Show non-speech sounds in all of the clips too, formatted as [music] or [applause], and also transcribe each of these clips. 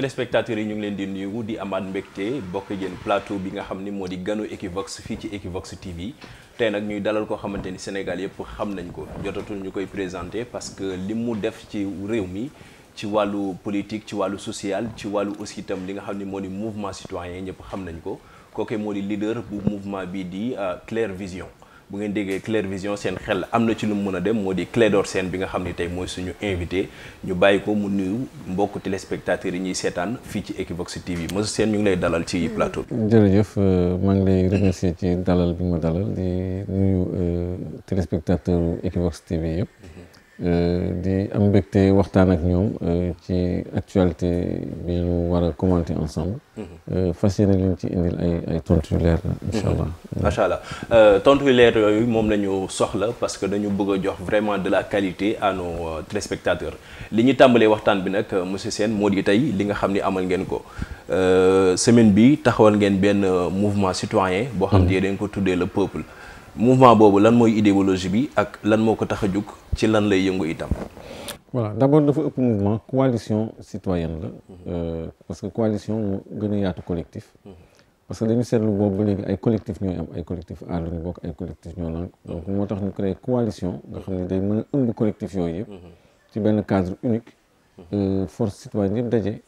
téléspectateurs yi ñu ngi leen di nuyu di amaat mbégte bokk yéen plateau bi nga xam ni moo di ganu Equivox fii ci Equivox TV tey nag ñuy dalal koo xamante ni Sénégal yëpp xam nañ ko jotatul ñu koy présenté parce que li mu def ci réew mi ci wàllu politique ci wàllu social ci wàllu aussi itam li nga xam ni moo di mouvement citoyen ñëpp xam nañ ko kooke moo di leader bu mouvement bi di euh, Claire Vision bu ngeen déggee Clair seen xel am na ci lu mu mën a dem moo di Clédor Sène bi nga xam ni tey mooy suñu invité ñu bàyyi ko mu nuyu mbokk téléspectateurs yi ñuy seetaan fii ci Equivox TV monsieur Sène ñu ngi lay dalal ci plateau bi. jërëjëf euh, maa ngi lay remercier ci dalal bi ma dalal di nuyu euh, téléspectateurs Equivox TV yëpp. Mm-hmm. Euh, di am mbégte waxtaan ak ñoom euh, ci actualité bi ñu war a ensemble. Mhm. Euh, fas yéene liñ ci indil ay ay tontu yu leer la. Mhm. incha allah macha mhm. allah tontu yu leer yooyu moom la ñu soxla parce que dañu bëgg a jox vraiment de la qualité à nos téléspectateurs li ñu tàmbalee waxtaan bi nag monsieur Sène moo di tey li nga xam ni amal ngeen ko semaine bi taxawal ngeen benn mouvement citoyen boo xam ne dañ ko tuddee le peuple. mouvement boobu lan mooy idéologie bi ak lan moo ko tax a jug ci lan lay yëngu itam. voilà d' abord dafa ëpp mouvement coalition citoyenne la euh, parce que coalition moo gën a yaatu collectif. parce que dañu seetlu boobu ba léegi ay collectif ñooy am ay collectif aar lañu bokk ay collectif ñoo lànk donc moo tax ñu créé coalition nga xam ne day mën a ëmb collectif yooyu yëpp. ci benn cadre unique. Euh, force citoyenne yëpp daje.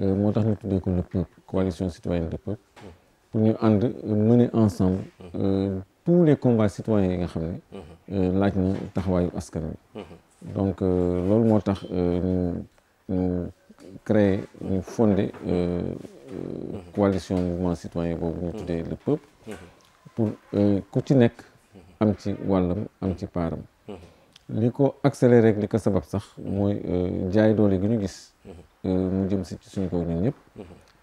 Euh, moo tax ñu tuddee ko le peuple coalition citoyenne ànd euh, mener ensemble. tous les combats citoyens yi nga xam ne mhm. euh, laaj na taxawaayu askan wi mhm. donc euh, loolu moo tax euh, ñu créer ñu fonder mhm. coalition mouvement citoyen boobu ñu tuddee le peuple pour ku ci nekk am ci wàllam am ci paaram li ko accéléré rek li ko sabab sax mooy jaay doole gi ñu gis mu jëm si suñu suñ ko ñun ñëpp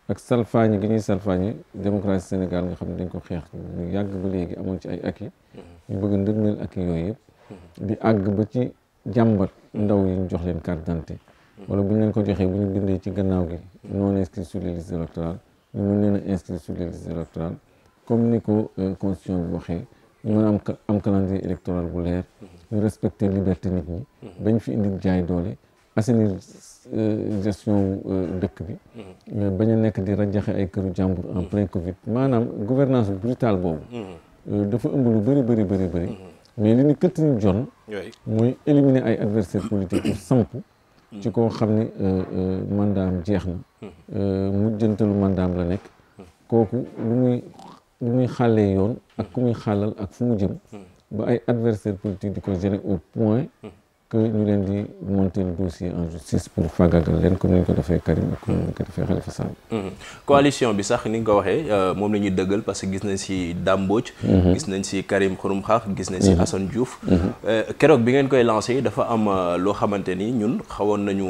ak ñi gi ñuy salfaañi démocratie Sénégal nga xam ne dañ ko xeex ñu yàgg ba léegi amoon ci ay acquis mm-hmm. ñu bëgg ndërmeel ak yooyu yëpp mm-hmm. di àgg ba ci jàmbat ndaw yi ñu jox leen carte d'identité mm-hmm. wala bu ñu leen ko joxee bu ñu bindee ci gannaaw gi non inscrit sur les listes électorales ñu mën leen a inscrit sur les listes électorales ni ko euh, constitution bi waxee ñu am am calendrier bu leer ñu respecter liberté nit ñi bañ fi indi jaay doole assainir Euh, gestion euh, dëkk bi. mais mm-hmm. euh, bañ a nekk di rajaxe ay këru jàmbur en mm-hmm. plein Covid maanaam gouvernance brutale boobu. Mm-hmm. dafa ëmb lu bëri bëri bëri bëri. mais li ni këtt ñu jon mooy éliminer ay adversaires politiques pour samp. ci koo xam ni mandat am jeex na. mujjantalu mandat am la nekk. kooku lu muy lu yoon ak ku muy xalal ak fu mu jëm. ba ay adversaires politiques di ko gérer au point. que ñu leen di monter le dossier en justice pour fagagal leen comme ni ko defee Karim ak comme ni ko defee Khalifa Sall. Mhm. coalition bi sax ni nga ko waxee euh, moom la ñuy dëggal parce que gis nañ si Dame mhm. gis nañ si Karim Xurum Xax gis nañ si mhm. Assane Diouf. Euh, keroog bi ngeen koy lancé dafa am euh, loo xamante ni ñun xawoon nañu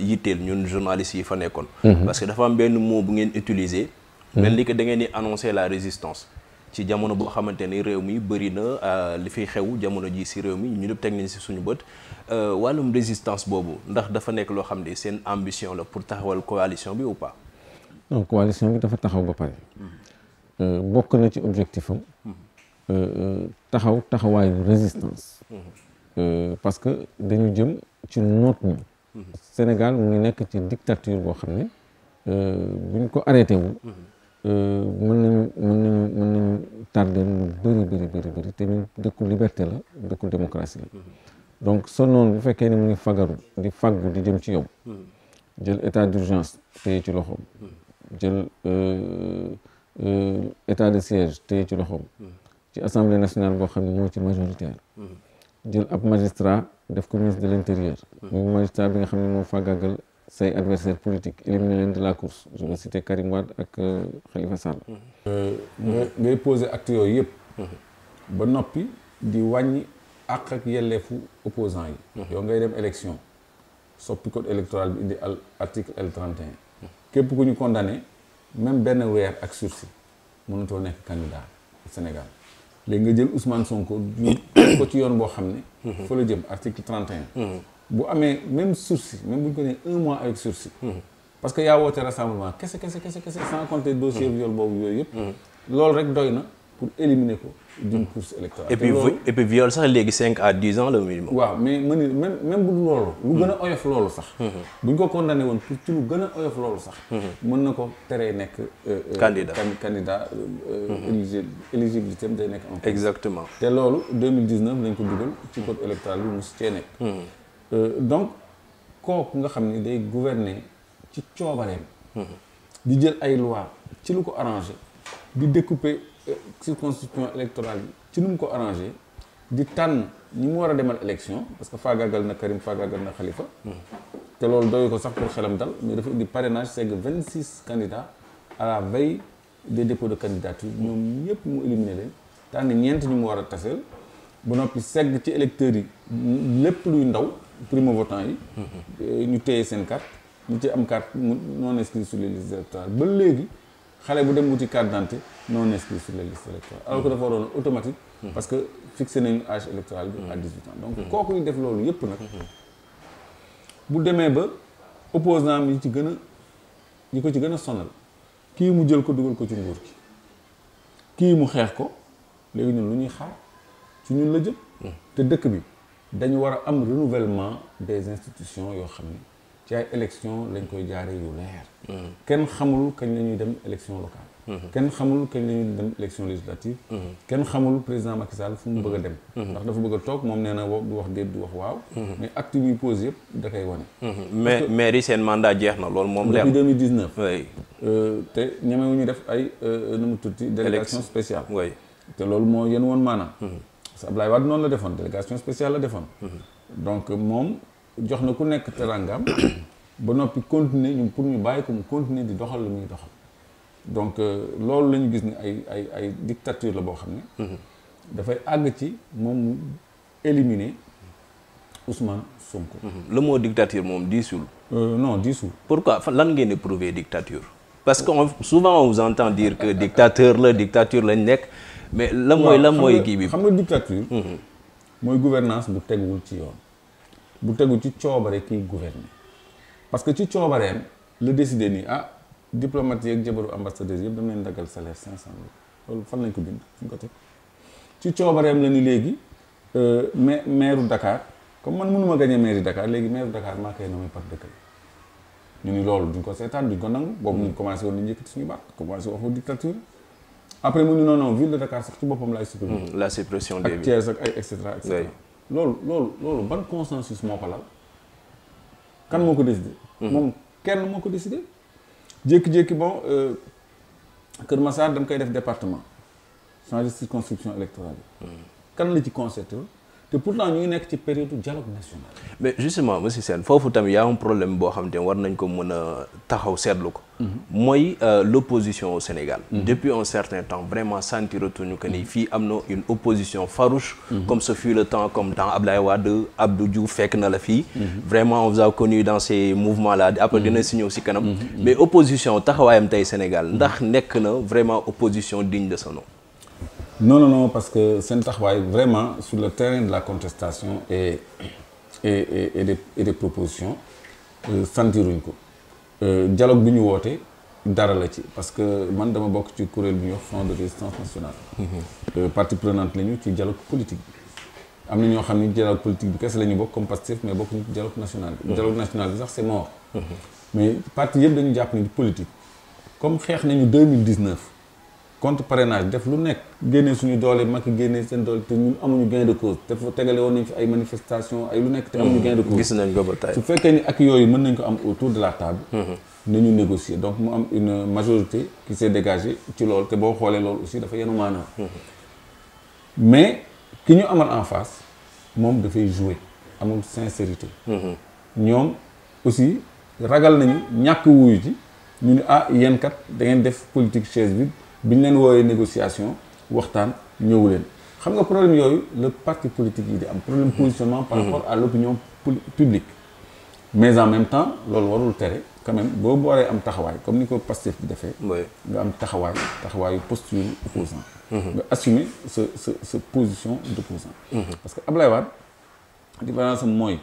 yitteel ñun journalistes yi fa nekkoon. parce que dafa am benn mot bu ngeen utiliser mel ni que da ngeen di annoncer la résistance. ci jamono boo xamante ni réew mi bëri na euh, li fiy xew jamono ji si réew mi ñu ñëpp teg suñu bët euh, wàllum résistance boobu ndax dafa nekk loo xam ne seen ambition la pour taxawal coalition bi ou pas. non coalition bi dafa taxaw ba pare. Mm-hmm. Euh, bokk na ci objectif am. Mm-hmm. taxaw taxawaayu résistance. Mm-hmm. parce que dañu jëm ci noot ñu. Sénégal mu ngi nekk ci dictature boo xam ne buñ ko arrêté wul. Euh, mën nañu mën nañu mën nañu tardé bëri bëri bëri bëri te ñun dëkku liberté la dëkku démocratie la donc sa noonu bu fekkee ne mu ngi fagaru di faggu di jëm ci yow jël état d'urgence téye ci loxoom jël euh, euh, état de siège téye ci loxoom ci assemblée nationale boo xam ne moo ci majoritaire jël ab magistrat def ko ministre de l'intérieur muy bi nga xam ne moo fàggagal say adversaires politiques éliminer leen de la course je vais citer Karim ak euh, Khalifa Sall. ngay euh, poser acte yooyu yëpp. ba noppi di wàññi àq ak yelleefu opposants yi. yow ngay dem élection soppi code électoral bi indi al article L 31. képp ku ñu condamné même benn weer ak sursis mënatoo nekk candidat Sénégal léegi nga jël Ousmane Sonko ko ci yoon boo xam ne. fa la jëm article 31. bu amee même sursis même bu ñu ko nee un mois avec sursis hmm. parce que yaa woote rassemblement kese kese kese kese sans compter dossier hmm. viol boobu yooyu yëpp hmm. loolu rek doy na pour éliminer ko d'une course léegi cinq à dix ans le waaw mais ma ni même bu loolu lu gën sax bu ñu ko condamné woon pour ci lu gën a sax mën na ko teree nekk euh, euh, candidat candidat euh, éligibilité am day nekk en exactement te loolu 2019 lañ ko dugal ci code électoral bi mos cee nekk Euh, donc kooku nga xam ni day gouverner ci coobareem. Mhm. di jël ay loi ci lu ko arrangé di découper euh, circonscription électorale bi ci lu mu ko arrangé di tànn ñi mu war a demal élection parce que faagaagal na Karim faagaagal na Khalifa. Mhm. te loolu doy ko sax pour xelam dal mais dafa indi parrainage segg vingt six candidats à la veille des dépôts de candidature ñoom ñëpp mu éliminé leen tànn ñeent ñu mu war a taseel ba noppi segg ci électeurs yi lépp luy ndaw. primo votant yi. Mhm. ñu téye seen carte ñu ci am carte non inscrit sur les listes électorales ba léegi xale bu dem wuti carte d'identité non inscrit sur les listes électorales alors que dafa waroon automatique. Mhm. parce que fixé nañu âge électoral bi. à 18 ans donc mhm. kooku def loolu yépp nag. bu demee ba opposant yi ci gën a ñi ko ci gën a sonal kii mu jël ko dugal ko ci nguur gi kii mu xeex ko léegi ñun lu ñuy xaar ci ñun la jëm. te dëkk bi. dañu war a am renouvellement des institutions yoo xam ne ci ay élection lañ koy jaare yu leer mm-hmm. kenn xamul kañ la ñuy dem élection locale mm-hmm. kenn xamul kañ la ñuy dem élection législative mm-hmm. kenn xamul président Macky Sall fu mu bëgg a dem ndax dafa bëgg toog moom nee na du wax déet du wax waaw mais acte bi pose yëpp da koy wane mais maire yi seen mandat jeex na loolu moom leer depuis 2019 euh, te ñemewuñu def ay euh, nu mu tudd délégation spéciale te loolu moo yéen woon maanaam parce que Ablaye Wade noonu la defoon délégation spéciale la defoon. donc moom jox na ku nekk terangam [coughs] ba noppi continuer ñun pour ñu bàyyi ko mu continuer di doxal lu muy doxal. donc euh, loolu lañu gis ni ay ay ay dictature la boo xam ne. Mm-hmm. dafay àgg ci moom mu éliminer Ousmane Sonko. Mm-hmm. le mot dictature moom diisul. Euh, non diisul. pourquoi lan ngeen di prouver dictature. parce que souvent on vous entend dire que dictateur la dictature lañ nekk. mais lan mooy la mooy kii bi xam nga dictature mhm. mooy gouvernance bu teguwul ci yoon bu tegu ci coobare kii gouverner parce que ci coobareem la décidé ni ah diplomate yeeg jabaru ambassadeurs yëpp dam leen daggal salaire cinq cent mille loolu fan lañ ko bind fu ñu ko teg ci coobareem la ni léegi euh, mais maire Dakar comme man mënuma gagné maire Dakar léegi maire Dakar maa koy nommé par décret ñu ni loolu duñ ko seetaan duñ ko nangu boobu ñu commencé woon nañu yëkkati suñu baat commencé après mu ne non non ville de Dakar sax ci boppam laay supprimer. Hmm, la suppression des villes ak Thiès loolu loolu loolu ban consensus moo ko lal kan moo ko décidé. Hmm. moom kenn moo ko décidé. jékki-jékki bon euh, Kër Massar dañ koy def département changer circonscription électorale bi. Hmm. kan la ci concerté te pourtant ñu ngi nekk ci période dialogue national mais justement monsieur Sène foofu tamit yaa am problème boo xam te war nañ ko mën a taxaw seetlu ko mhm. mooy euh, l'opposition au Sénégal mm depuis un certain temps vraiment ñu que nii fii am na une opposition farouche mhm. comme ce fut le temps comme dans Ablaye Wade Abdou Diouf fekk na la fii mhm. vraiment on vous a connu dans ces mouvements là après dina si ñëw si kanam mais opposition taxawaayam tey Sénégal ndax nekk na vraiment opposition digne de son non non parce que seen taxawaay vraiment sur le terrain de la contestation et et et, et des et santiruñ euh, ko euh, dialogue bi ñu wootee dara la ci parce que man dama bokk ci kuréel bi ñuy wax front de résistance nationale. Mm -hmm. partie prenante la ñu ci dialogue politique bi. am na ñoo xam ne dialogue politique bi kese la ñu bokk comme Pastef mais bokk ñu dialogue national bi. Mhm. dialogue national bi sax c'est mort. Mm -hmm. mais parti yëpp dañu jàpp ni politique comme contre parrainage def lu nekk génnee suñu doole Macky génnee seen doole te ñun amuñu gain de cause te tegale woon nañ fi ay manifestation ay lu nekk te amuñu hmm. gain de cause su fekkee ni ak yooyu mën nañ ko am autour de la table hmm. nañu négocier donc mu am une majorité qui s'est dégagée ci lool te boo xoolee loolu aussi dafa yenu maanaam hmm. mais ki ñu amal en face moom dafay jouer amul sincérité ñoom aussi ragal nañu ñàkk wuyu ji ñu ni ah yéen kat da ngeen def politique chaise vide biñ leen wooyee négociation waxtaan ñëwu leen xam nga problème yooyu le parti politique yi di am problème positionnement par mhm. rapport à l'opinion publique mais en même temps loolu warul tere quand même boo booree am taxawaay comme ni ko Pastef bi defee nga am taxawaay taxawaayu posture opposant mhm. nga assumer sa sa sa position d'opposant mhm. parce que Ablaye waat différence am mooy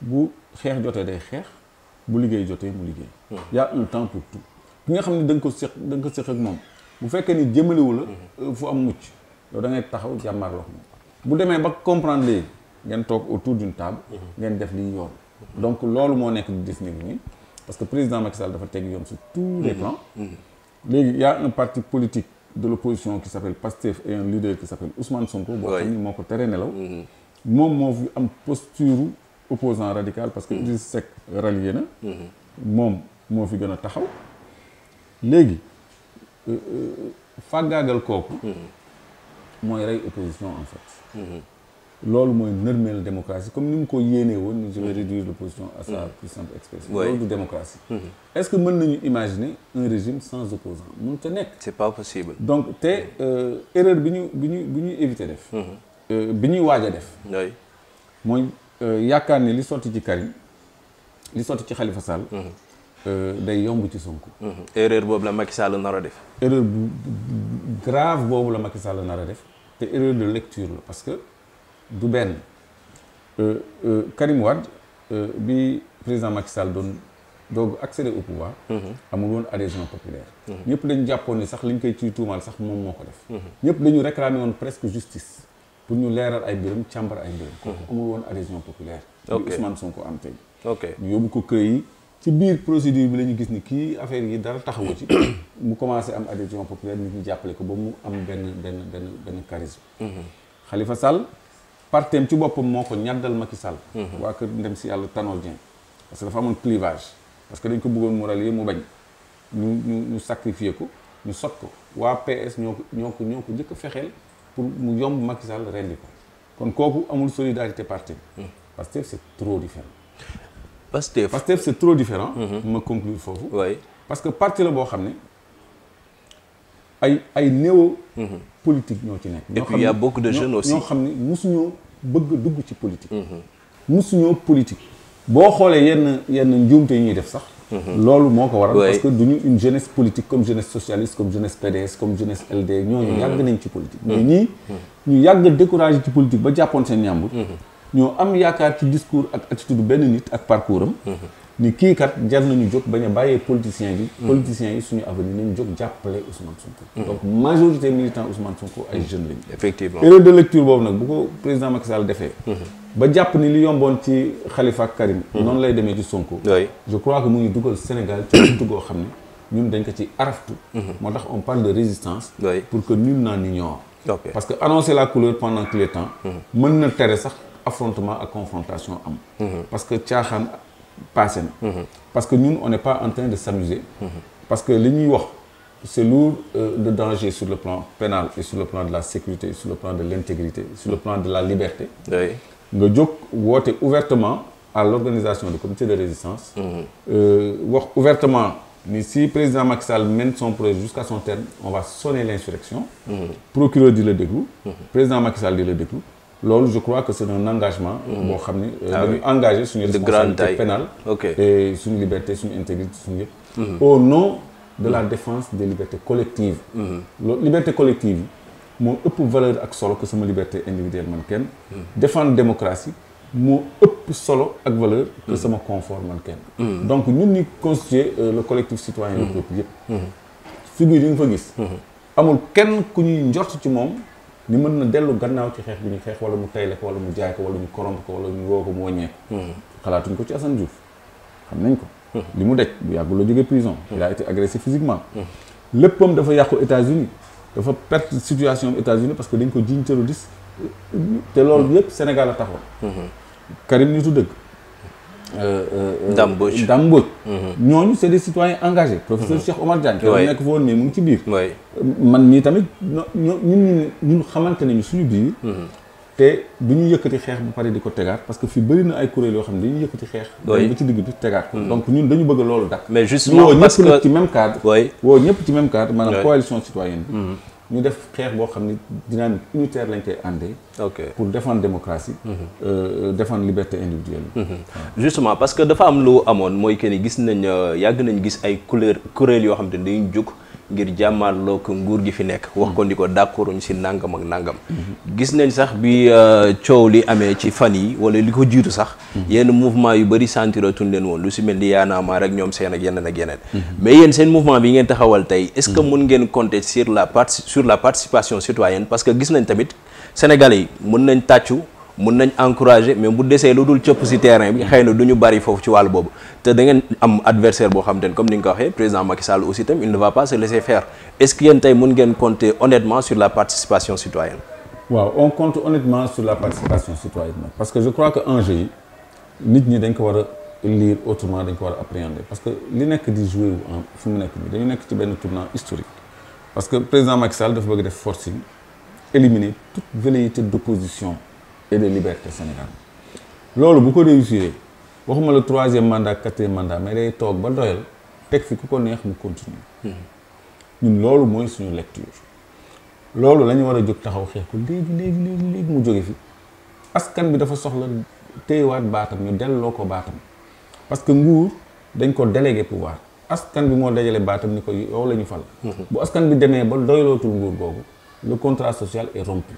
bu xeex jotee day xeex bu liggéey jotee mu liggéey y a temps pour tout ki nga xam ne da ko seq da ko seq moom bu fekkee ni jëmalewu la euh, fu am mucc yow da ngay taxaw jàmmarloo bu demee ba comprendre ngeen toog autour d'une table mhm. ngeen def liy yoon mhm. donc loolu moo nekk di def nii parce que président Macky Sall dafa teg yoon sur tous les mhm. plans léegi y parti politique de l'opposition qui s'appelle Pastef et un leader qui s'appelle Ousmane Sonko boo moo ko tere nelaw moom moo fi am posture opposant radical parce que Idriss Seck rallié na moom moo fi gën a taxaw léegi fàggaagal kooku mooy rey opposition en fait loolu mooy nërmeel démocratie comme ni mu ko yéenee woon je vais réduire l'opposition à sa puissante expression loolu du démocratie est-ce que mën nañu imaginer un régime sans opposant mënut a nekk c'est pas possible donc te euh, erreur bi ñu bi ñu bi ñuy éviter def mm-hmm. euh, bi ñuy waaj a def mooy euh, yaakaar ne li sotti ci Karim li sotti ci xalifa Sall mm-hmm. Euh, day yomb ci Sonko. Mm-hmm. erreur boobu la Macky Sall nar def. erreur bu grave boobu la Macky Sall nar a def te erreur de lecture la parce que du benn euh, euh, Karim Wade bi président Macky Sall doon doog accéder au pouvoir. Mm-hmm. amul woon adhésion populaire. Mm-hmm. ñëpp dañu jàppoon ni sax lañ koy ciy tuumaal sax moom moo ko def. ñëpp dañu réclamer woon presque justice pour ñu leeral ay mbiram càmbar ay mbiram. kooku amul woon adhésion populaire. ok Ousmane Sonko am tey. ok yóbbu ko kër yi. ci biir procédure bi la ñu gis ni kii affaire yi dara taxawu ci mu commencé am adhésion populaire nit ñi jàppale ko ba mu am benn benn benn benn charisme Khalifa Sall partem ci boppam moo ko ñaddal Macky Sall waa kër ndem si yàlla Tanor Dieng parce que dafa amoon clivage que dañ ko bëggoon mu rallier mu bañ ñu ñu ñu ko ñu sot ko waa PS ñoo ko ñoo ko ñoo ko njëkk a fexeel pour mu yomb Macky Sall rendi ko kon kooku amul solidarité parti hmm. Pastef c'est trop différent Pastef Pastef c'est trop différent mhm. ma conclure foofu oui parce que parti la boo xam ne ay ay néo mhm. politique ñoo ci nekk et puis il y a beaucoup de jeunes ñoo xam ne musuñoo bëgg dugg ci politique mhm. musuñoo politique boo xoolee yenn yenn njuumte yi ñuy def sax loolu moo ko waral parce que duñu une jeunesse politique comme jeunesse socialiste comme jeunesse PDS comme jeunesse LD ñooñu yàgg nañ ci politique mais ñii ñu yàgg découragé ci politique ba jàppoon seen ñàmbur ñoo am yaakaar ci discours ak attitude benn nit ak parcours am mm-hmm. ni kii kat jar nañu jóg bañ a bàyyee politicien bi mm-hmm. politicien yi suñu avenir nañu jóg jàppale Ousmane Sonko mm-hmm. donc majorité militant Ousmane Sonko ay jeunes lañu effectivement erreur de lecture boobu nag bu ko président Macky defee ba jàpp ni li yomboon ci Khalifa ak Karim noonu lay demee ci Sonko je crois que mu ngi dugal Sénégal ci buntu xam ne ñun dañ ko ci araftu moo tax on parle de résistance pour que nul n'en que annoncer la couleur pendant que les sax affrontement ak confrontation am mhm. parce que caaxaan passé na mhm. parce que ñun on n'est pas en train de s'amuser mhm. parce que li ñuy wax c'est lourd de euh, danger sur le plan pénal et sur le plan de la sécurité sur le plan de l'intégrité sur le plan de la liberté nga jóg woote ouvertement à l'organisation du comité de résistance euh, wax ouvertement ni si président Macky Sall mène son projet jusqu'à son terme on va sonner l'insurrection procureur di la déglu président Macky Sall la déglu loolu je crois que c'est un engagement. Mm-hmm. boo xam ne euh, ah dañuy engagé suñu responsabilité pénale et suñu liberté suñu intégrité suñu yëpp. o mm-hmm. nom de la défense de libertés collectives. Mm-hmm. loolu liberté collective yi moo ëpp valeur ak solo ko sama liberté individuelle man kenn. défendre démocratie moo ëpp solo ak valeur que sama confort man kenn. donc ñun ñi constituer euh, le collectif citoyen le peuple yëpp. figure yi nga fa gis. amul kenn ku ñuy njort ci moom. ni mën na dellu gannaaw ci xeex bi ñu xeex wala mu tayle ko wala mu jaay ko wala ñu koromp ko wala ñu woo ko mu wàññee hmm. xalaatuñ ko ci Assane Diouf xam nañ ko hmm. li mu dej bu yàggu la jógee prison hmm. il a été agressé physiquement léppam dafa yàqu États-Unis dafa perte situation États-Unis parce que dañ ko jiiñ terroriste te loolu yëpp Sénégal a taxoon Karim nitu dëgg Euh, euh, Dame Mbodj Dame Mbodj mhm. ñooñu c'est des citoyens engagés professeur mhm. Cheikh Omar Diagne ko nekk fa woon mais mu ngi ci biir man mii tamit ñu ñun ñun xamante nañu suñu biir mhm. te du ñu yëkkati xeex bu pare di ko tegaat parce que fi bëri na ay kuréel yoo xam ne dañuy yëkkati xeex ba ci digg bi tegaat ko donc ñun dañu bëgg loolu dakk mais justement parce woo ñëpp nag ci même cadre woo ñëpp ci même cadre maanaam coalition citoyenne bi ñu def xeex boo xam ni dynamique unitaire lañ koy àndee. ok pour défendre démocratie. Mhm. Euh, défendre liberté individuelle. Mm -hmm. justement parce que dafa am lu amoon mooy que ni gis nañ euh, yàgg nañ gis ay couleur kuréel yoo xam ni ne dañuy ngir jàmmaarloo ko nguur gi fi nekk wax ko ni ko ñu si nangam ak nangam gis nañ sax bi euh, coow li amee ci fan yi wala li ko jiitu sax yenn mouvement yu bëri sentiratuñ leen woon lu si mel ni yaanaamaa rek ñoom seen ak yeneen ak yeneen mais yéen seen mouvement bi ngeen taxawal tey est-ce que mun ngeen compter sur la part sur la participation citoyenne parce que gis nañ tamit sénégal yi mun nañ tàccu mun nañ encourager mais bu desee lu dul cëpp si terrain bi xëy na du ñu bari foofu ci wàll boobu te da ngeen am adversaire boo xam ne comme ni nga ko waxee président Macky Sall aussi tam il on compte honnêtement sur la participation citoyenne parce que je crois que enjeu yi ñi dañ ko war a lire a appréhender parce que li nekk di nekk nii dañu nekk ci benn tournant historique parce que président dafa bëgg def forcing éliminer toute velléité d'opposition et de liberté Sénégal loolu bu ko réussir waxuma la troisième mandat quatrième mandat ma day toog ba doyal teg fi ku ko neex mu continuer hmm. ñun loolu mooy suñu lecture loolu la war a jóg taxaw xeex ko léegi léegi léegi léegi mu jóge fi askan bi dafa soxla téyewaat baatam ñu delloo ko baatam parce que nguur dañ ko délégué pouvoir askan bi moo dajale baatam ni ko yow la ñu fal hmm. bu askan bi demee ba doylootul nguur googu le contrat social est rompu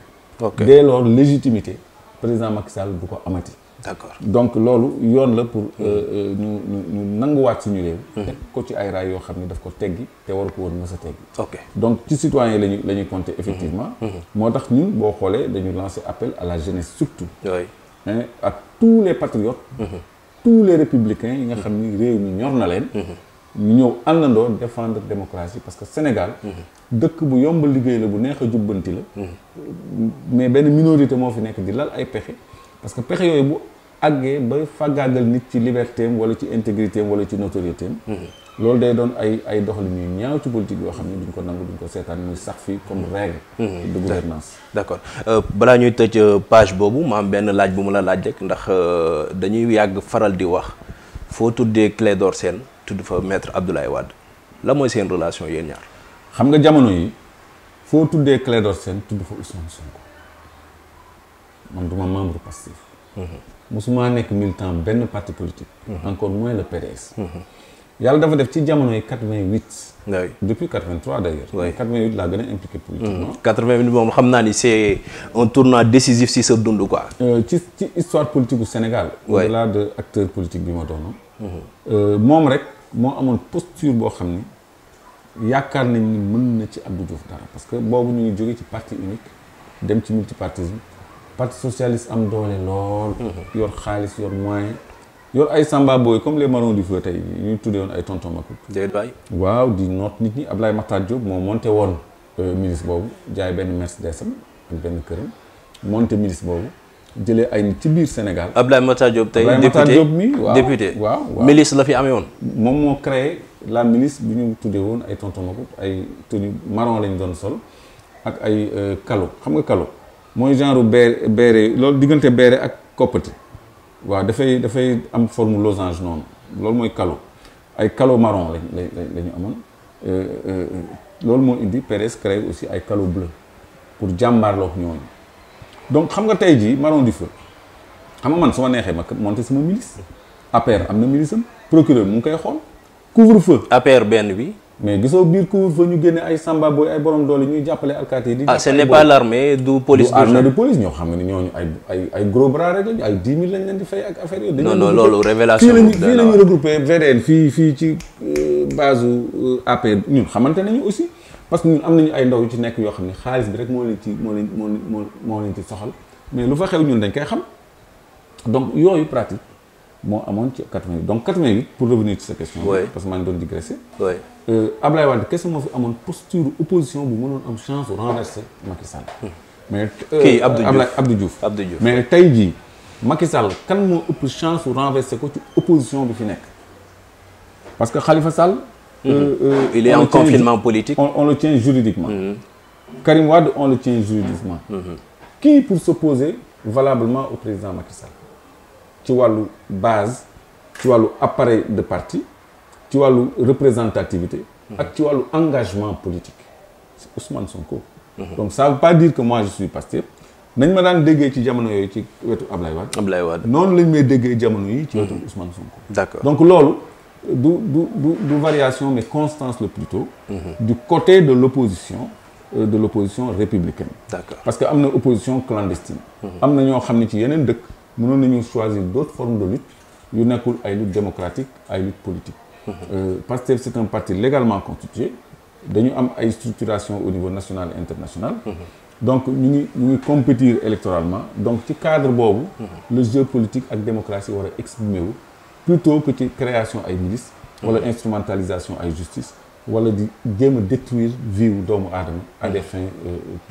dès lors légitimité président Macky Sall du ko amati. d'accord donc loolu yoon la pour euh, mm. euh, ñu ñu nanguwaat suñu réew. Mm. teg ko ci ay raay yoo xam ne daf ko teggi te waru ko woon mës a teggi. ok donc ci citoyens yi lañuy la ñuy compter effectivement. Mm-hmm. Mm-hmm. moo tax ñun boo xoolee dañu lancer appel à la jeunesse surtout. ak tous les patriotes. Mm-hmm. tous les républicains yi nga xam ni réew mi ñor na leen. ñu ñëw àndandoo défendre démocratie parce que Sénégal mhm. dëkk bu yomb liggéey la bu neex a jubbanti la mhm. mais benn minorité moo fi nekk di lal ay pexe parce que pexe yooyu bu àggee ba fàggaagal nit ci liberté am wala ci intégrité am wala ci notoriété mhm. loolu day doon ay ay doxalin yu ñaaw ci politique yoo xam ne duñ ko nangu duñ ko seetaan muy sax fi comme règle de gouvernance d'accord euh, balaa ñuy tëj euh, page boobu ma am benn laaj bu mu la laaj rek ndax euh, dañuy yàgg faral di wax foo tuddee Clédor Sène tudd fa maître Abdoulaye Wade la mooy seen relation yéen ñaar. xam nga jamono yi foo tuddee Clédor Sène tudd fa Ousmane Sonko man duma membre Pastef. mosuma mhm. nekk militant benn parti politique. Mhm. encore le PDS. Mhm. yàlla def ci jamono yi quatre vingt huit. depuis quatre vingt a impliqué politiquement. quatre vingt huit moom xam naa ni c' est un tournant décisif si sa dund quoi. Euh, ci ci histoire politique bu Sénégal. au delà de acteur politique bi ma doonoon. Euh, moom rek. moo amoon posture boo xam ni yaakaar nañ ni mën na ci Abdou Diouf dara parce que boobu ñu ngi jóge ci parti unique dem ci multipartisme parti socialiste am doole lool. Mm-hmm. yor xaalis yor moyen. yor ay samba booy comme les marrons du feu tey ñuy tuddee woon ay tonton Macoute. waaw di noot nit ñi ab lay Makhtar Diop moo moonte woon euh, ministre boobu jaay benn Mercedes am ak benn këram monté ministre boobu. jëlee ay nit ci biir Sénégal. Abdoulaye Makhtar Diop tey député Abdoulaye Makhtar Diop mi waaw député waaw waaw milice la fi amee woon. moom moo créé la milice bi ñu tuddee woon ay tonton Macoute ay tenue marron doon sol ak ay kalo euh, xam nga kalo mooy genre beere beere loolu diggante beere ak koppati waaw dafay dafay am forme losange noonu mooy kalo ay kalo maron lañ lañ la ñu amoon euh, euh, loolu moo indi PDS créé aussi ay kalo bleu pour jàmbaarloo ñooñu. donc xam nga tey jii marron du feu xam nga man su ma neexee ma monté sama milice APR am na milice am procureur mu ngi koy xool couvre feu. APR benn bi. mais gisoo biir couvre feu ñu génne ay sambabo booy ay borom doole ñuy jàppale alkaati yi. di ah ce n'est pas l'armée du police. du armée du police ñoo xam ne ñooñu ay ay ay gros bras rek di fay ak affaire yooyu. non non loolu révélation fii fii fii ci euh, base euh, APR ñun xamante nañu aussi. parce que ñun am nañu ay ndaw yu ci nekk yoo xam ne xaalis bi rek moo leen ci moo leen moo moo leen ci soxal mais lu fa xew ñun dañ koy xam donc yooyu pratique moo amoon ci 88 donc 88 pour revenir ci sa question. oui parce que maa ngi doon digressé. oui euh, Ablaye Wade kese moo fi amoon posture opposition bu mënoon am chance renverser Macky Sall. Hmm. mais euh, kii ab Diouf Abdou Diouf mais tey jii Macky Sall kan moo ëpp chance renverser ko ci opposition bi fi nekk Euh, mm-hmm. euh, il est en confinement On, on le tient juridiquement. Mm-hmm. Karim Wade, on le tient juridiquement. Mm-hmm. Qui pour s'opposer valablement au président Macky Sall ci wàllu base ci wàllu appareil de parti ci wàllu représentativité. ak ci wàllu engagement politique c'est Ousmane Sonko. donc ça veut pas dire que moi je suis Pastef. nañ ma daan déggee ci jamono yooyu ci wetu Ablaye Wade. Ablaye Wade noonu lañ may déggee jamono yi. ci wetu Ousmane Sonko. d'accord donc loolu. du du du du variation mais constance la plutôt. Mhm. du côté de l'opposition euh, de l'opposition républicaine. d'accord parce que am na opposition clandestine. Mhm. am na ñoo xam ne ci yeneen dëkk mënoon nañu choisir d'autres formes de lutte yu nekkul ay lutte démocratique ay lutte politique. Mhm. Euh, Pastef c'est un parti légalement constitué dañu am ay structuration au niveau national et international. donc ñu ngi ñu ngi compétir électoralement donc ci cadre boobu. le jeu politique ak démocratie war a wu. plutôt que ci création ay milices wala mm-hmm. instrumentalisation ay justice wala di jéem a détruire vie doomu aadama à des mm-hmm. fins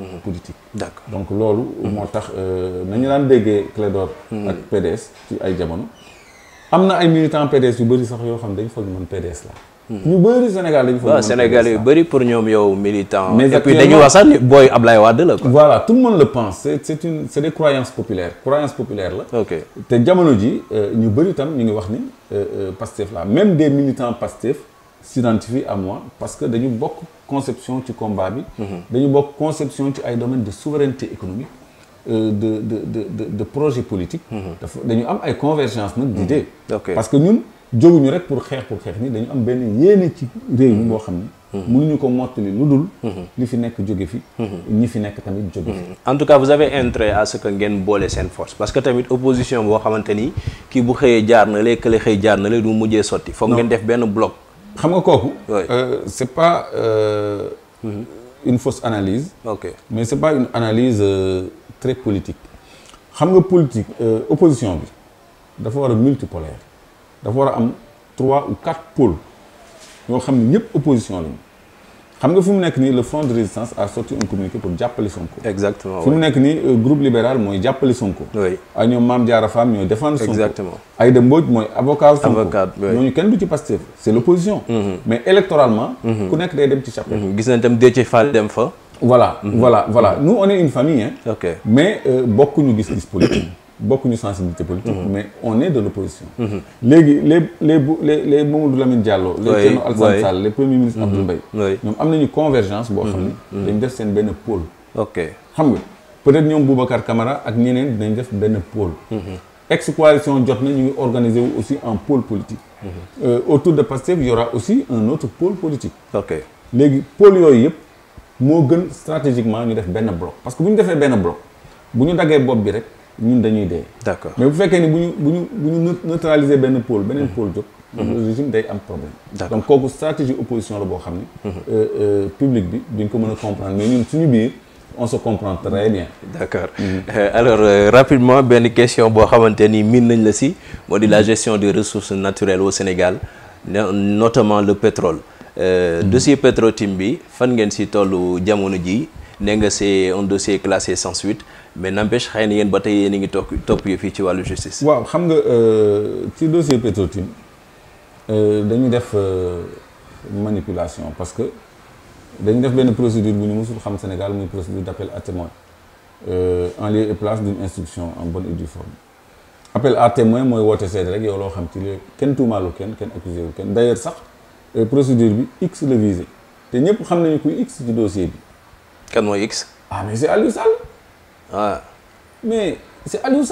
euh, mm-hmm. donc loolu moo tax euh, nañu daan déggee Clédor ak PDS ci ay jamono am na ay militants PDS yu bëri sax yoo xam dañ foog man PDS la ñu bëri Sénégal dañu fa. waaw Sénégal yu bëri pour ñoom yow militant. mais et wax sax ni booy Ablaye Wade la quoi. voilà tout le monde le pense c'est c'est une c'est des croyances populaires croyances populaires la. te jamono ji euh, ñu bëri itam ñu ngi wax ni euh, euh, Pastef la même des militants Pastef s'identifient à moi parce que dañu bokk conception ci combat bi. Mhm. dañu bokk conception ci ay domaines de souveraineté économique. de de de de de projet politique. Mhm. dafa dañu am ay convergence nag d'idées. Mhm. parce que ñun. jóguñu rek pour xeex pour xeex nii dañu am benn yéene ci réew mi boo xam mu mhm. mhm. ñu ko mottali lu dul mhm. li fi nekk jóge fi ñi fi nekk tamit jóge fi en tout cas vous avez intérêt à ce que ngeen boole seen force parce que tamit opposition boo xamante ni ki bu xëyee jaar na lee kële xëy jaar na lee du mujjee sotti foog ngeen def benn bloc xam nga kooku euh, c'est pas euh, une fausse analyse ok mais c'est pas une analyse euh, très politique xam nga politique euh, dafa war a multipolaire dafa war a am trois ou quatre pôles yoo xam ne ñëpp opposition lañu xam nga fu mu nekk nii le front de résistance a sorti un communiqué pour jàppale Sonko. exactement fu mu nekk nii euh, groupe libéral mooy jàppale Sonko. oui ak ñoom Mame Diarra Fam ñooy défendre Sonko. exactement Aïda Mbodj mooy avocat Sonko. avocat oui kenn du ci Pastef c' est l' mais électoralement. Mm-hmm. ku nekk day dem ci chapelle. Mm-hmm. gis nañ tam Déthié Fall dem fa. voilà mm-hmm. voilà voilà nous on est une famille euh, gis-gis politique. bokku ñu sensibilité politique. Mhm. mais on est de l'opposition mhm. léegi les les bu les les Mamadou jàlloo Diallo. les Thierno Alassane Sall les premiers ministres Abdoul mhm. ñoom am nañu convergence boo xam ne. dañu def seen benn pôle. ok xam nga peut-être ñoom Boubacar Camara ak ñeneen dinañ def benn pôle. ex coalition jot na ñu ngi organiser wu aussi en pôle politique. Euh, autour de Pastef y aura aussi un autre pôle politique. ok léegi pôle yooyu yëpp moo gën stratégiquement ñu def benn bloc parce que bu ñu defee benn bloc bu ñu daggee bopp bi rek. ñun dañuy dee. d'accord mais bu fekkee ni bu ñu bu ñu bu ñu benn pôle beneen mhm. pôle jóg. Mhm. régime day am problème. donc kooku stratégie opposition la boo xam ne. Mhm. Euh, euh, public bi duñ ko mën a comprendre mais ñun suñu biir. on se comprend très bien. d'accord euh, rapidement benn question boo xamante ni miin nañ la si moo di la gestion des ressources naturelles au Sénégal notamment le pétrole. dossier Petro-Tim bi fan ngeen si tollu jamono ji ne nga c'est un dossier classé sans suite mais n'empêche xëy na yéen ba tey yéen ngi topp topp fii ci wàllu justice. waaw xam nga euh, ci dossier Petrotim euh, dañu def euh, manipulation parce que dañu def benn procédure bu ñu mësul xam Sénégal muy procédure d'appel à témoin en lieu et place d'une instruction en bonne et due appel à mooy woote seede rek yow loo xam ci léegi kenn tuumaalu kenn kenn accusé wu kenn d'ailleurs sax procédure bi X la visé te ñëpp xam nañu kuy X ci dossier bi. kan mooy X. ah mais c'est Aliou Sall. waaw mais c' est Aliou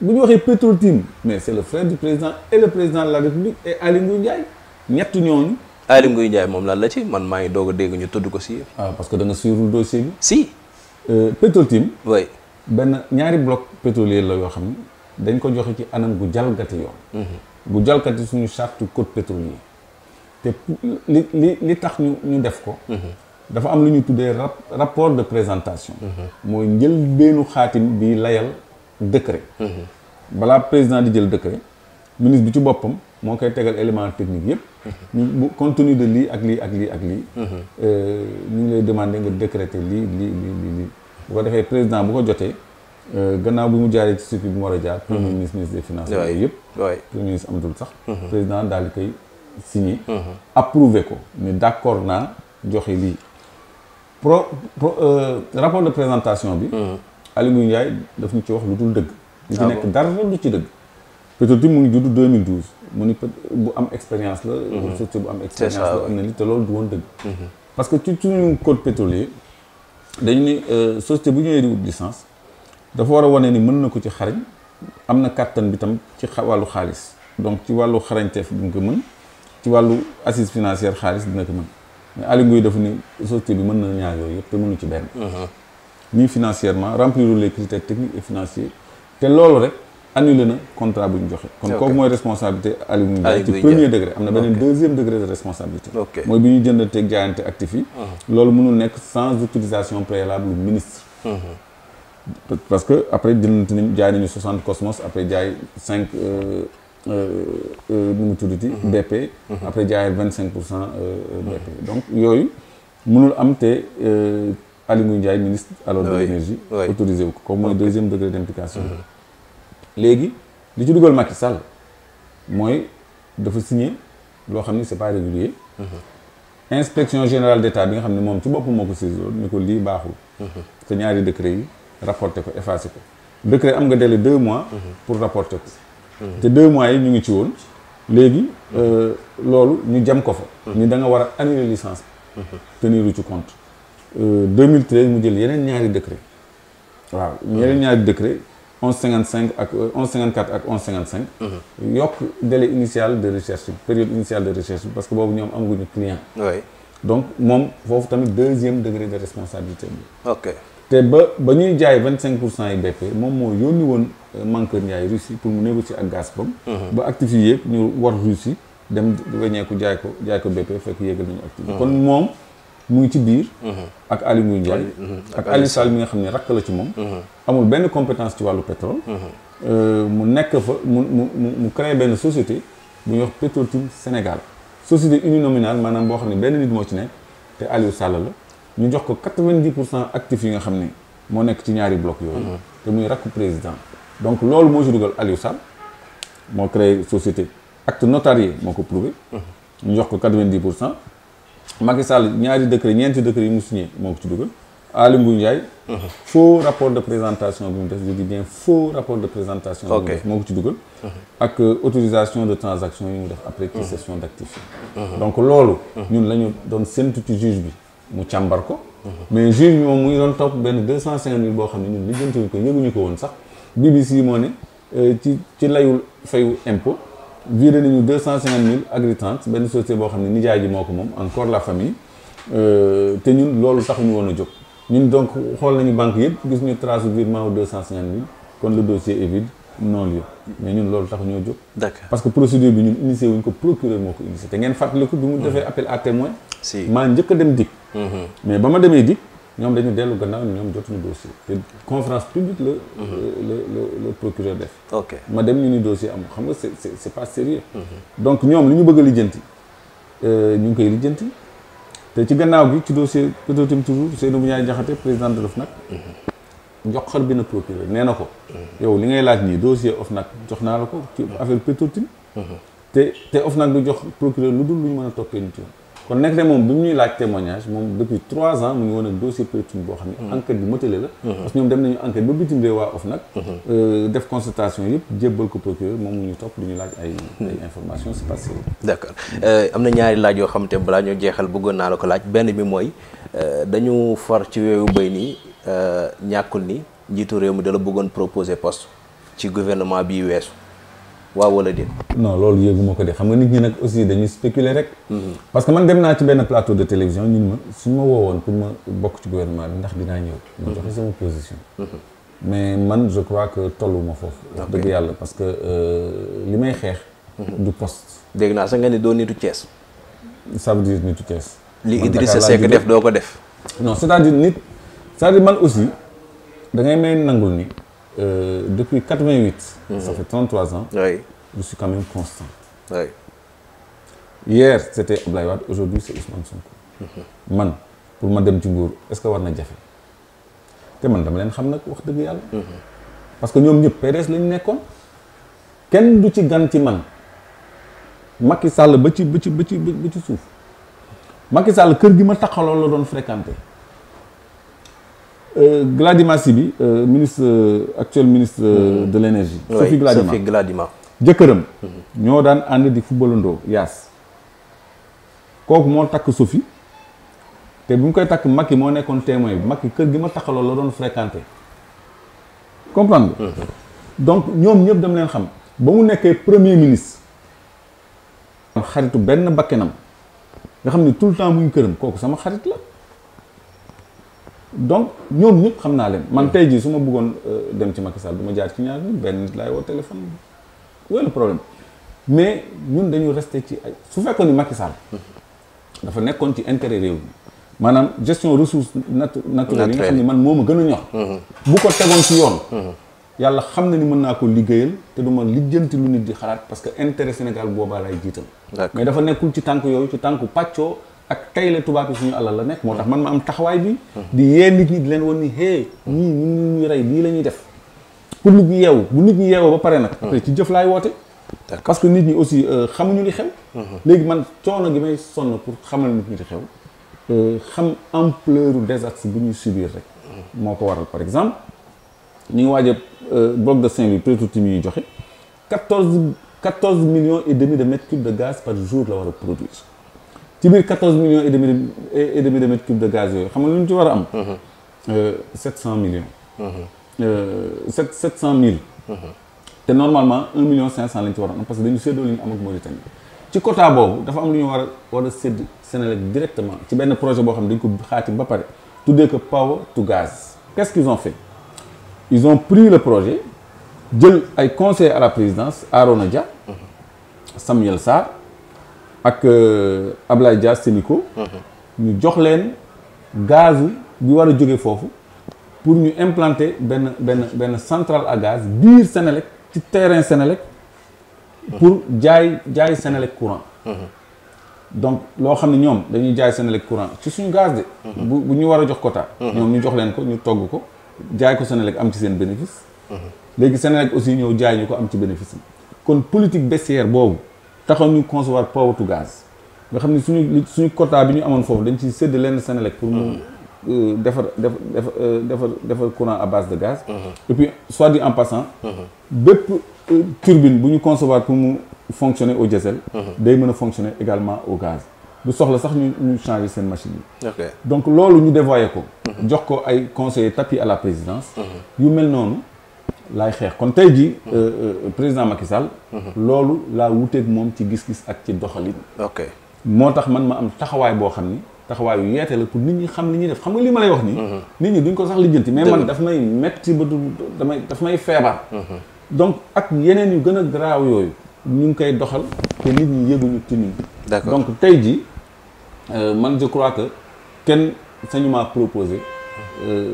bu ñu waxee Petro mais c' est le frère du président et le président de la République et Aly Ngouille Ndiaye ñett ñooñu. Aly Ngouille Ndiaye moom lan la ci man maa ngi doog a dégg ñu tudd ko si. waaw ah, parce que da nga suivre dossier bi. si. Euh, Petro Tim. oui benn ñaari bloc pétrolier la yoo xam ne dañ ko joxe ci anam gu jalgati yoon. Mhm. gu jalgati suñu charte code pétrolier te li li li tax ñu ñu def ko. Mhm. dafa am lu ñu tuddee rapport de présentation mooy njëlbeenu xaatim bi layal décret balaa président di jël décret ministre bi ci boppam moo koy tegal élément technique yëpp ñu bu compte tenu de lii ak ak lii ak lii euh, ngi lay demander nga décréter lii lii ko defee président bu ko jotee euh, gannaaw bi mu jaaree ci circuit bi mu war a jaar mhm. premier ministre ministre des finances yooyu premier ministre amatul sax mhm. président daal di koy signé mhm. approuvé ko ne d'accord naa joxe lii pro euh, rapport de présentation bi. Hmm. Aliou Ndiaye daf ñu ci wax lu dul dëgg. ñu ci ah nekk dara du ci dëgg. Petrotim mu ngi judd 2012 mu ni bu am expérience la. Hmm. société bu am expérience la am na li te loolu du woon dëgg. Hmm. parce que ci suñu code pétrolier dañu ni euh, société bu ñëwee di wut licence dafa war a wane ni mën na ko ci xarañ am na kàttan bi tam ci wàllu xaalis donc ci wàllu xarañteef duñ ko mën ci wàllu assise financière xaalis dina ko mën. mais Aliou Nguy dafa ni société bi mën na ñaar yooyu yëpp te mënu ci benn. ñuy uh-huh. financièrement remplir les critères techniques et financiers te loolu rek annulé na contrat bu ñu joxe. kon kooku mooy responsabilité Aliou Nguy ci premier degré am na beneen deuxième degré de responsabilité. mooy bi ñuy jëndante ak jaayante actif yi. Uh-huh. loolu mënul nekk sans autorisation préalable du ministre. Uh-huh. parce que après jëndante nañu jaay nañu soixante Cosmos après jaay cinq. Euh, Euh, euh, nu mu tuddati mhm. BP mhm. après jaayal vingt cinq pour cent euh, BP donc yooyu mënul am te Aly Ngouille Ndiaye ministre alors de l'énergie autorisé wu ko comme mooy deuxième degré d'implication mhm. léegi li ci dugal Macky Sall mooy dafa signé loo xam ni c'est pas régulier inspection générale d'État bi nga xam ne moom ci boppam moo ko saisiroon ni ko lii baaxul te ñaari décret yi rapporté ko effacé ko décret am nga délai deux mois pour rapporter ko te deux mois yi ñu ngi ci woon léegi euh, loolu ñu jëm ko fa ñu da nga war a annuler licence bi teniru ci compte 2013 euh, mu jël yeneen ñaari décret waaw yeneen ñaari décret 1155 ak 1154 euh, ak 1155 yokk délai initial de recherche bi période initiale de recherche bi parce que boobu ñoom amaguñu client donc moom foofu tamit deuxième degré de responsabilité bi ok te ba ba ñuy jaay vingt cinq cent yi BP moom moo yónni woon Mankeur Ndiaye Russie pour mu négocier ak Gazprom mhm. ba actifs yi yëpp ñu war Russie dem weñeeku jaay ko jaay ko BP fekk yéegal nañu actif mhm. kon moom mu ngi ci biir ak Aly Ngouille Ndiaye ak Aliou mhm. Sall mi nga xam ne rakk la ci moom amul benn compétence ci wàllu pétrole euh, mu nekk fa mu mu mu créé benn société bu ñuy wax Petro-Tim Sénégal société uninominale maanaam boo xam ne benn nit moo ci nekk te Aliou Sall la ñu jox ko quatre-vingt-dix pour cent actifs yi nga xam ni moo nekk ci ñaari bloc yooyu te muy président donc loolu moo si dugal Aliou Sall moo créé société acte notarié moo ko prouvé. ñu jox ko 90 pour cent. Macky Sall ñaari décret ñeenti décret yi mu moo ko ci dugal. Aly Ngouille Ndiaye. faux rapport de bi mu def je dis bien faux de présentation. bi moo ko ci dugal. ak euh, autorisation de transaction yi mu def après. ci cession d'actifs donc loolu. ñun la ñu doon séntu ci juge bi mu càmbar ko. mais juge bi moom mu ngi doon topp benn 250000 boo xam ne ñun lijjanti ko ko woon sax. BBC moo ne euh, ci ci layul fayu impôt viré nañu deux cent cinquante mille Agri benn société boo xam ne nijaay ji moo ko moom encore la famille euh, te ñun loolu taxuñu woon a jóg ñun donc xool nañu banque yëpp gis ñu trace virement wu deux cent cinquante mille kon le dossier est non lieu mais ñun loolu tax ñoo jóg. d'accord parce que procédure bi ñun initié wuñ ko procureur moo ko initié te ngeen fàttaliku. bi mu defee mm-hmm. appel à témoin. si maa njëkk a dem dik mm-hmm. ba ma demee dik ñoom dañu dellu gannaaw ni ñoom jotuñu dossier te conférence publique la mhm. la la le procureur def ok ma dem ñu ni dossier am xam nga c'est c'est c'est sérieux mhm. donc ñoom lu ñu bëgg a lijjanti euh, ñu ngi koy lijjanti te ci gannaaw bi ci dossier peut-être toujours Seynabou ñaay Diakhaté président de l'OFNAC mhm. jox xar bi na procureur nee na ko yow li ngay laaj nii dossier OFNAC jox naa la ko ci affaire Petro-Tim te te OFNAC du jox procureur lu dul lu ñu mën a toppee nit yoon kon nekk te moom bi mu ñuy laaj témoignage moom depuis trois ans mu ngi woon ak dossier Petrotim boo xam ne mm-hmm. enquête bi mëtale la mm-hmm. parce que ñoom dem nañu enquête ba bitim réew waa OFNAC nag mm-hmm. euh, def consultation yëpp jébbal ko procureur moom mu ñu topp di ñu laaj ay ay information c'est passé d'accord euh, am na ñaari laaj yoo xam te balaa ñu jeexal bëggoon naa la ko laaj benn bi mooy euh, dañu far ci weewu béy nii ñàkkul ni njiitu réew mi dala bëggoon proposer poste ci gouvernement bii weesu waaw wala déet. no loolu yëguma ko de xam nga nit ñi nag aussi dañuy spéculer rek. Mhm. parce que man dem naa ci benn plateau de télévision ñun ma suñ ma woowoon pour ma bokk ci gouvernement bi ndax dinaa ñëw. ma mhm. joxe sama position. Mhm. mais man je crois que tolluma foofu. wax dëgg yàlla parce que euh, li may xeex. du poste. dégg naa sax nga ne doo nitu Thiès. ça veut dire nitu Thiès. li Idrissa Seck def doo ko def. non c'est-à-dire nit man aussi da ngay may nangul ni. euh, depuis 88. Mmh. Ça fait 33 ans. Oui. Je suis quand même constant. Oui. Hier, c'était Ablaye Wade, aujourd'hui, mhm. man pour ma dem ci nguur est-ce que war na jafe. te man dama leen xam nag wax dëgg yàlla. Mhm. parce que ñoom ñëpp PDS lañu nekkoon. kenn du ci gan ci man. Macky sàll ba ci ba ci ba ci suuf. Macky Sall kër gi ma taxaloo la doon fréquenté. Euh, Gladima Siby euh, ministre euh, actuel ministre hmm. de l'énergie Sophie Gladima Sophie Gladima jëkkëram hmm. ñoo daan ànd di footballandoo yaas kooku moo takk Sophie te bu mu koy takk Macky moo nekkoon témoin bi Macky kër gi ma taxaloo la doon fréquenté comprendre nga hmm. donc ñoom ñëpp dama leen xam ba mu nekkee premier ministre xaritu benn bakkenam nga xam ne tout le temps mu këram kooku sama xarit la donc ñoom ñëpp xam naa leen. man tey jii su ma bëggoon euh, dem ci Macky Sall du ma jaar ci ñaar ñi benn nit laay woo téléphone bi. wala problème mais ñun dañu resté ci ay su fekkoon ni Macky Sall. dafa nekkoon ci intere réew mi maanaam gestion ressource natu naturelle yi nga xam man moo ma gën a ñor. Mm-hmm. bu ko tegoon ci yoon. Mm-hmm. yàlla xam na ni mën naa ko liggéeyal te du lijjanti lu nit di xalaat parce que intere Sénégal boobaa lay jiital. mais dafa nekkul ci tànk yooyu ci tànku pàccoo. ak tey la tubaab yi suñu alal la nekk moo tax hmm. man ma am taxawaay bi di yee nit ñi di leen wan ni hee ñii ñun ñuy rey lii la ñuy def pour nit ñu yeewu bu nit ñu yeewoo ba pare nag hmm. après ci jëf laay woote parce que nit ñi aussi euh, xamuñu li xew hmm. léegi man coono gi may sonn pour xamal nit ñi di xew euh, xam ampleur u désastre bu ñuy subir rek moo ko waral par exemple ñu ngi waaj a euh, bloc de Saint-Louis prétouti mi joxe quatorze quatorze millions et demi de mètres de gaz par jour la war a produire ci biir quatorze millions et demi et demi de mètres cubes de gaz yooyu xam nga lu ñu ci war a am. Mm-hmm. Euh, sept cent millions. Mm-hmm. Euh, sept cent mille. Mm-hmm. te normalement un million cinq cent lañ ci war a am parce que dañu séddoo li ñu am ak Mauritanie. ci quota boobu dafa am lu ñu war a war a sédd directement ci benn projet boo xam ne dañ ko xaatim ba pare tuddee ko power to gaz. qu'est-ce qu'ils ont fait ils ont pris le projet jël ay conseillers a la présidence Arona Dia. Samuel Sarr. ak euh, Ablaye Dia Sénico mhm. ñu jox leen gazu bi war a jóge foofu pour ñu implanter benn benn benn centrale à gaz biir Sénélec ci terrain Sénélec pour jaay jaay Sénélec courant mhm. donc loo xam ne ñoom dañuy jaay Sénélec courant ci suñ gaz de mhm. bu bu ñu war a jox quota ñoom ñu jox leen ko ñu togg ko jaay ko Sénélec am ci seen bénéfice léegi Sénélec aussi ñëw jaay ñu ko am ci bénéfice kon politique baissière boobu taxaw ñu concevoir power to gaz nga xam ne suñu suñu quota bi ñu amoon foofu dañ ci sédd lenn Senelec pour mu euh, defar def euh, defar defar courant à base de gas mm-hmm. et puis soit dit en passant mm-hmm. bépp euh, turbine bu ñu concevoir pour mu fonctionner au diesel mm-hmm. day mën a fonctionner également au gaz du soxla sax ñu ñu changer seen machine yi donc loolu ñu dévoyé ko jox ko ay conseillers tapis à la présidence yu mel noonu laay xeex kon tey jii. Euh, euh, président Macky Sall. Mhm. loolu laa wuteeg moom ci gis-gis ak ci doxalin. ok moo tax man ma am taxawaay boo xam ni taxawaay yu yeete la pour nit ñi xam li ñuy def xam nga li ma lay wax nii. Mhm. nit ñi duñ ko sax lijjanti mais man daf may metti ba du damay daf may feebar. Mhm. donc ak yeneen yu gën a garaaw yooyu ñu ngi koy doxal te nit ñi yëguñu tinuñ. d'accord donc tey jii euh, man je crois que kenn sañu maa proposé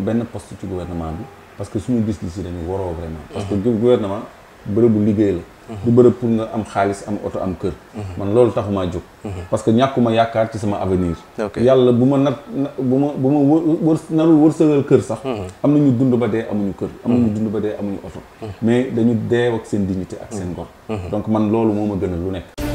benn poste ci gouvernement bi. parce que suñu gis-gis yi dañu waroo vraiment parce que mhm. gouvernement bërëbu liggéey la mhm. du bërëb pour nga am xaalis am oto am kër mhm. man loolu taxumaa jóg parce que ñàkkuma yaakaar ci sama avenir yàlla bu ma nag bu ma bu ma wër narul wërsëgal kër sax am nañu dund ba dee amuñu kër am nañu dund ba dee amuñu oto mais dañu deew ak seen dignité ak seen ngor donc man loolu moo ma gënal lu nekk